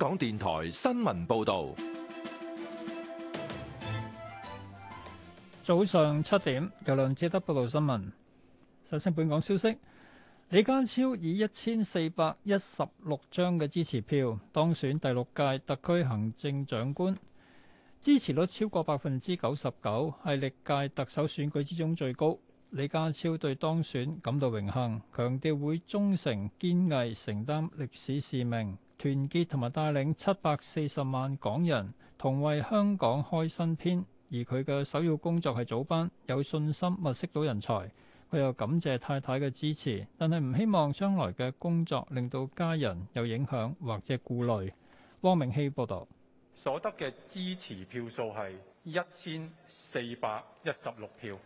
港電台新聞報道，早上七點，由梁智德報道新聞。首先，本港消息：李家超以一千四百一十六張嘅支持票當選第六屆特區行政長官，支持率超過百分之九十九，係歷屆特首選舉之中最高。李家超對當選感到榮幸，強調會忠誠堅毅，承擔歷史使命。團結同埋帶領七百四十萬港人，同為香港開新篇。而佢嘅首要工作係組班，有信心物色到人才。佢又感謝太太嘅支持，但係唔希望將來嘅工作令到家人有影響或者顧慮。汪明熙報導。所得嘅支持票數係一千四百一十六票。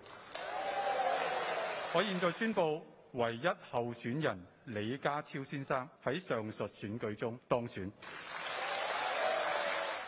我現在宣布。唯一候選人李家超先生喺上述選舉中當選。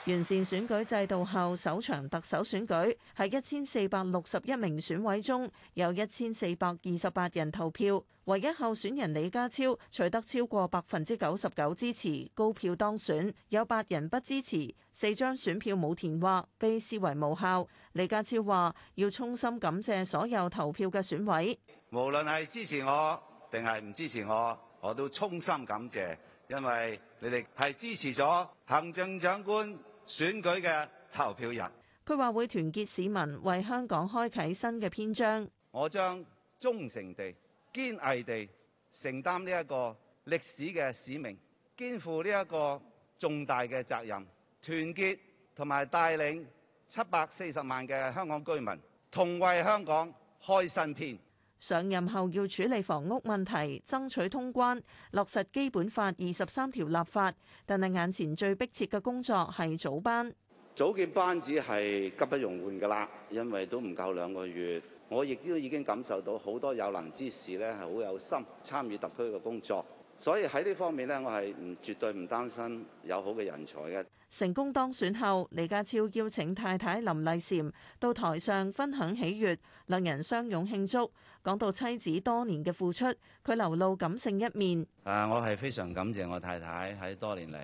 完善選舉制度後，首場特首選舉喺一千四百六十一名選委中，有一千四百二十八人投票。唯一候選人李家超取得超過百分之九十九支持，高票當選。有八人不支持，四張選票冇填或被視為無效。李家超話：要衷心感謝所有投票嘅選委，無論係支持我定係唔支持我，我都衷心感謝，因為你哋係支持咗行政長官。選舉嘅投票人，佢話會團結市民，為香港開啟新嘅篇章。我將忠誠地、堅毅地承擔呢一個歷史嘅使命，肩負呢一個重大嘅責任，團結同埋帶領七百四十萬嘅香港居民，同為香港開新篇。上任後要處理房屋問題、爭取通關、落實基本法二十三條立法，但係眼前最迫切嘅工作係組班。組建班子係急不容緩㗎啦，因為都唔夠兩個月。我亦都已經感受到好多有能之士咧，係好有心參與特區嘅工作，所以喺呢方面咧，我係唔絕對唔擔心有好嘅人才嘅。成功當選後，李家超邀請太太林麗嬋到台上分享喜悅，兩人相擁慶祝。講到妻子多年嘅付出，佢流露感性一面。啊，我係非常感謝我太太喺多年嚟，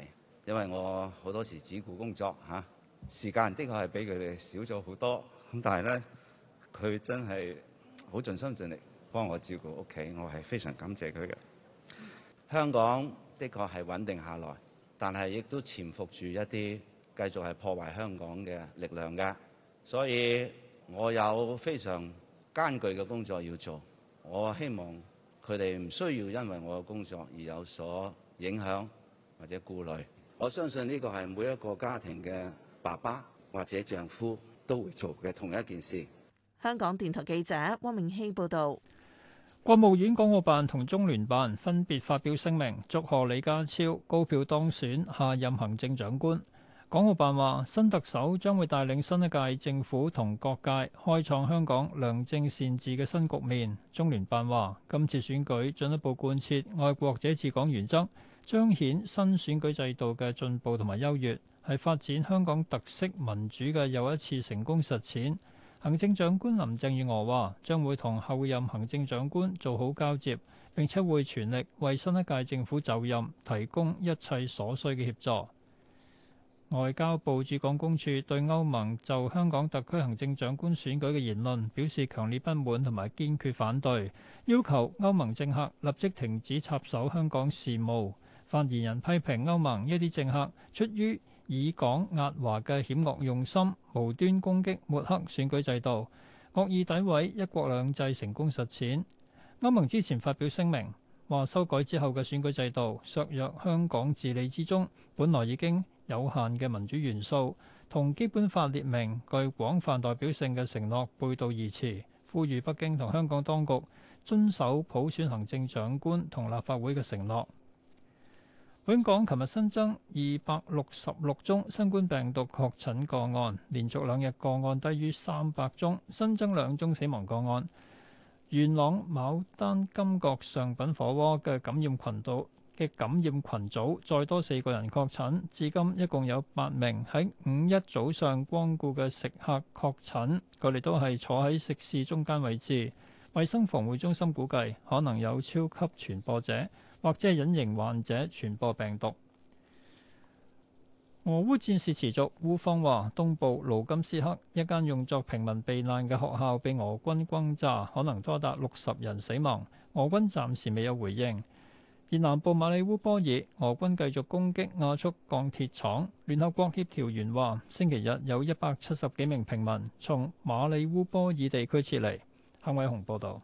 因為我好多時只顧工作嚇，啊，時間的確係比佢哋少咗好多。咁但係呢，佢真係好盡心盡力幫我照顧屋企，我係非常感謝佢嘅。香港的確係穩定下來。但係亦都潛伏住一啲繼續係破壞香港嘅力量㗎，所以我有非常艱巨嘅工作要做。我希望佢哋唔需要因為我嘅工作而有所影響或者顧慮。我相信呢個係每一個家庭嘅爸爸或者丈夫都會做嘅同一件事。香港電台記者汪明熙報導。國務院港澳辦同中聯辦分別發表聲明，祝賀李家超高票當選下任行政長官。港澳辦話，新特首將會帶領新一屆政府同各界開創香港良政善治嘅新局面。中聯辦話，今次選舉進一步貫徹愛國者治港原則，彰顯新選舉制度嘅進步同埋優越，係發展香港特色民主嘅又一次成功實踐。行政長官林鄭月娥話：將會同後任行政長官做好交接，並且會全力為新一屆政府就任提供一切所需嘅協助。外交部駐港公署對歐盟就香港特區行政長官選舉嘅言論表示強烈不滿同埋堅決反對，要求歐盟政客立即停止插手香港事務。發言人批評歐盟一啲政客出於以港壓華嘅險惡用心，無端攻擊抹黑選舉制度，惡意詆毀一國兩制成功實踐。歐盟之前發表聲明，話修改之後嘅選舉制度削弱香港治理之中本來已經有限嘅民主元素，同基本法列明具廣泛代表性嘅承諾背道而馳，呼籲北京同香港當局遵守普選行政長官同立法會嘅承諾。本港琴日新增二百六十六宗新冠病毒確診個案，連續兩日個案低於三百宗，新增兩宗死亡個案。元朗牡丹金閣上品火鍋嘅感染群組嘅感染群組再多四個人確診，至今一共有八名喺五一早上光顧嘅食客確診，佢哋都係坐喺食肆中間位置。衛生防護中心估計可能有超級傳播者。或者係隱形患者傳播病毒。俄烏戰事持續，烏方話東部盧甘斯克一間用作平民避難嘅學校被俄軍轟炸，可能多達六十人死亡。俄軍暫時未有回應。而南部馬里烏波爾，俄軍繼續攻擊亞速鋼鐵廠。聯合國協調員話，星期日有一百七十幾名平民從馬里烏波爾地區撤離。林偉雄報導。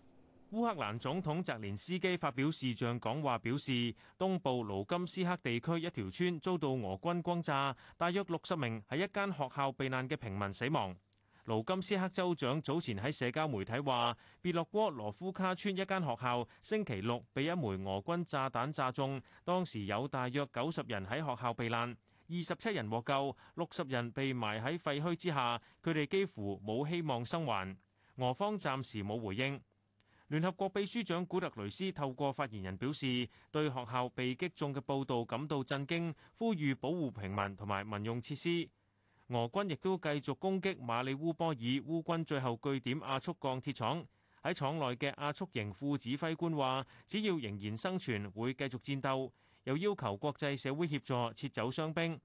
烏克蘭總統澤連斯基發表視像講話，表示東部盧甘斯克地區一條村遭到俄軍轟炸，大約六十名喺一間學校避難嘅平民死亡。盧甘斯克州長早前喺社交媒體話，別洛沃羅夫卡村一間學校星期六被一枚俄軍炸彈炸中，當時有大約九十人喺學校避難，二十七人獲救，六十人被埋喺廢墟之下，佢哋幾乎冇希望生還。俄方暫時冇回應。聯合國秘書長古特雷斯透過發言人表示，對學校被擊中嘅報導感到震驚，呼籲保護平民同埋民用設施。俄軍亦都繼續攻擊馬里烏波爾，烏軍最後據點亞速鋼鐵廠，喺廠內嘅亞速營副指揮官話：只要仍然生存，會繼續戰鬥，又要求國際社會協助撤走傷兵。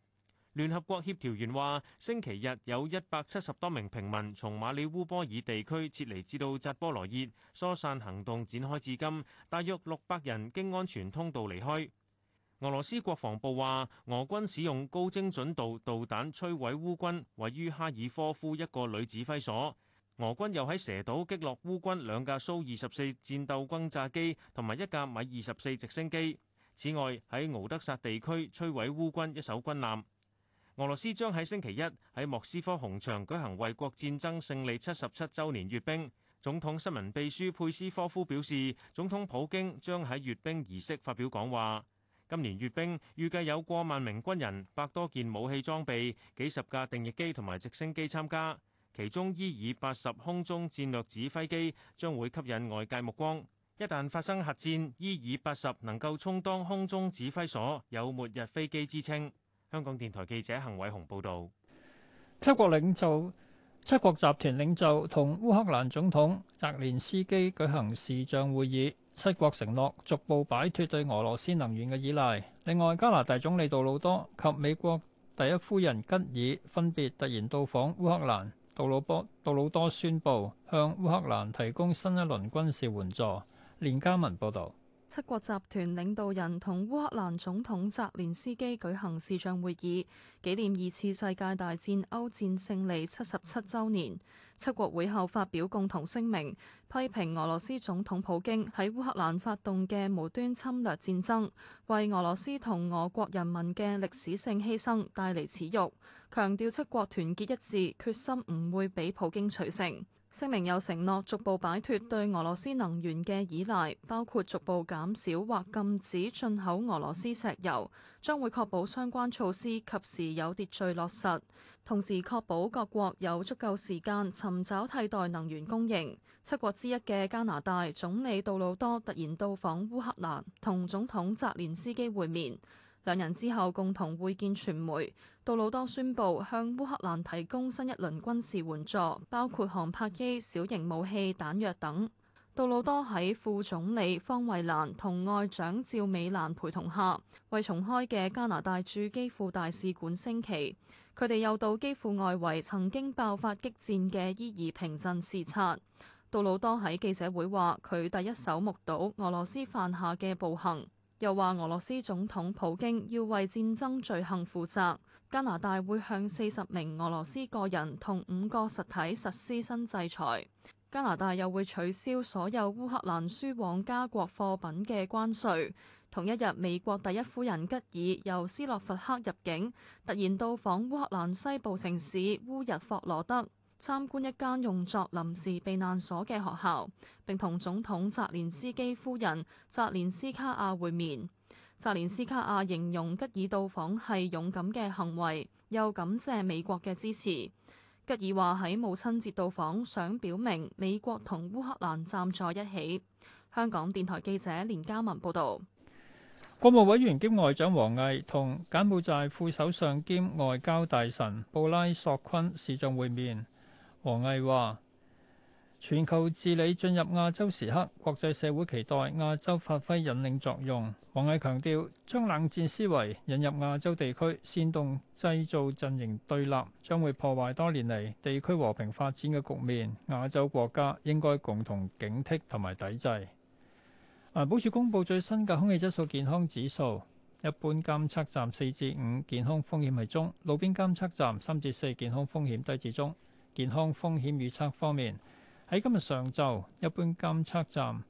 聯合國協調員話：星期日有一百七十多名平民從馬里烏波爾地區撤離至到扎波羅熱，疏散行動展開至今，大約六百人經安全通道離開。俄羅斯國防部話，俄軍使用高精準度導彈摧毀烏軍位於哈爾科夫一個旅指揮所。俄軍又喺蛇島擊落烏軍兩架蘇二十四戰鬥轟炸機同埋一架米二十四直升機。此外，喺敖德薩地區摧毀烏軍一艘軍艦。俄羅斯將喺星期一喺莫斯科紅場舉行衞國戰爭勝利七十七週年閱兵。總統新聞秘書佩斯科夫表示，總統普京將喺閱兵儀式發表講話。今年閱兵預計有過萬名軍人、百多件武器裝備、幾十架定翼機同埋直升機參加，其中伊爾八十空中戰略指揮機將會吸引外界目光。一旦發生核戰，伊爾八十能夠充當空中指揮所，有末日飛機之稱。香港電台記者陳偉雄報道，七國領袖、七國集團領袖同烏克蘭總統澤連斯基舉行視像會議，七國承諾逐步擺脫對俄羅斯能源嘅依賴，另外，加拿大總理杜魯多及美國第一夫人吉爾分別突然到訪烏克蘭，杜魯波杜魯多宣布向烏克蘭提供新一輪軍事援助。連家文報道。七國集團領導人同烏克蘭總統澤連斯基舉行視像會議，紀念二次世界大戰歐戰勝利七十七週年。七國會後發表共同聲明，批評俄羅斯總統普京喺烏克蘭發動嘅無端侵略戰爭，為俄羅斯同俄國人民嘅歷史性犧牲帶嚟恥辱，強調七國團結一致，決心唔會畀普京取勝。聲明又承諾逐步擺脫對俄羅斯能源嘅依賴，包括逐步減少或禁止進口俄羅斯石油，將會確保相關措施及時有秩序落實，同時確保各國有足夠時間尋找替代能源供應。七國之一嘅加拿大總理杜魯多突然到訪烏克蘭，同總統澤連斯基會面。兩人之後共同會見傳媒，杜魯多宣布向烏克蘭提供新一輪軍事援助，包括航拍機、小型武器、彈藥等。杜魯多喺副總理方慧蘭同外長趙美蘭陪同下，為重開嘅加拿大駐基輔大使館升旗。佢哋又到基輔外圍曾經爆發激戰嘅伊爾平鎮視察。杜魯多喺記者會話：佢第一手目睹俄羅斯犯下嘅暴行。又話俄羅斯總統普京要為戰爭罪行負責，加拿大會向四十名俄羅斯個人同五個實體實施新制裁。加拿大又會取消所有烏克蘭輸往加國貨品嘅關稅。同一日，美國第一夫人吉爾由斯洛伐克入境，突然到訪烏克蘭西部城市烏日霍羅德。參觀一間用作臨時避難所嘅學校，並同總統澤連斯基夫人澤連斯卡亞會面。澤連斯卡亞形容吉爾到訪係勇敢嘅行為，又感謝美國嘅支持。吉爾話喺母親節到訪，想表明美國同烏克蘭站在一起。香港電台記者連嘉文報導。國務委員兼外長王毅同柬埔寨副首相兼外交大臣布拉索昆視像會面。王毅話：全球治理進入亞洲時刻，國際社會期待亞洲發揮引領作用。王毅強調，將冷戰思維引入亞洲地區，煽動製造陣營對立，將會破壞多年嚟地區和平發展嘅局面。亞洲國家應該共同警惕同埋抵制。環保署公布最新嘅空氣質素健康指數，一般監測站四至五，健康風險係中；路邊監測站三至四，健康風險低至中。健康風險預測方面，喺今日上晝一般監測站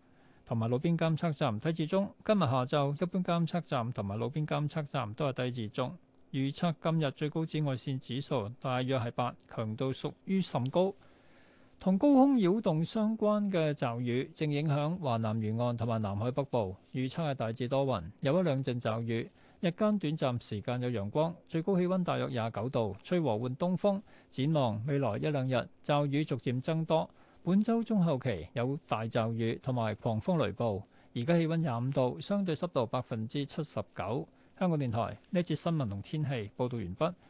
同埋路邊監測站低至中；今日下晝一般監測站同埋路邊監測站都係低至中。預測今日最高紫外線指數大約係八，強度屬於甚高。同高空擾動相關嘅驟雨正影響華南沿岸同埋南海北部，預測係大致多雲，有一兩陣驟雨。日間短暫時間有陽光，最高氣温大約廿九度，吹和緩東風，展望未來一兩日，驟雨逐漸增多。本週中後期有大驟雨同埋狂風雷暴。而家氣温廿五度，相對濕度百分之七十九。香港電台呢節新聞同天氣報導完畢。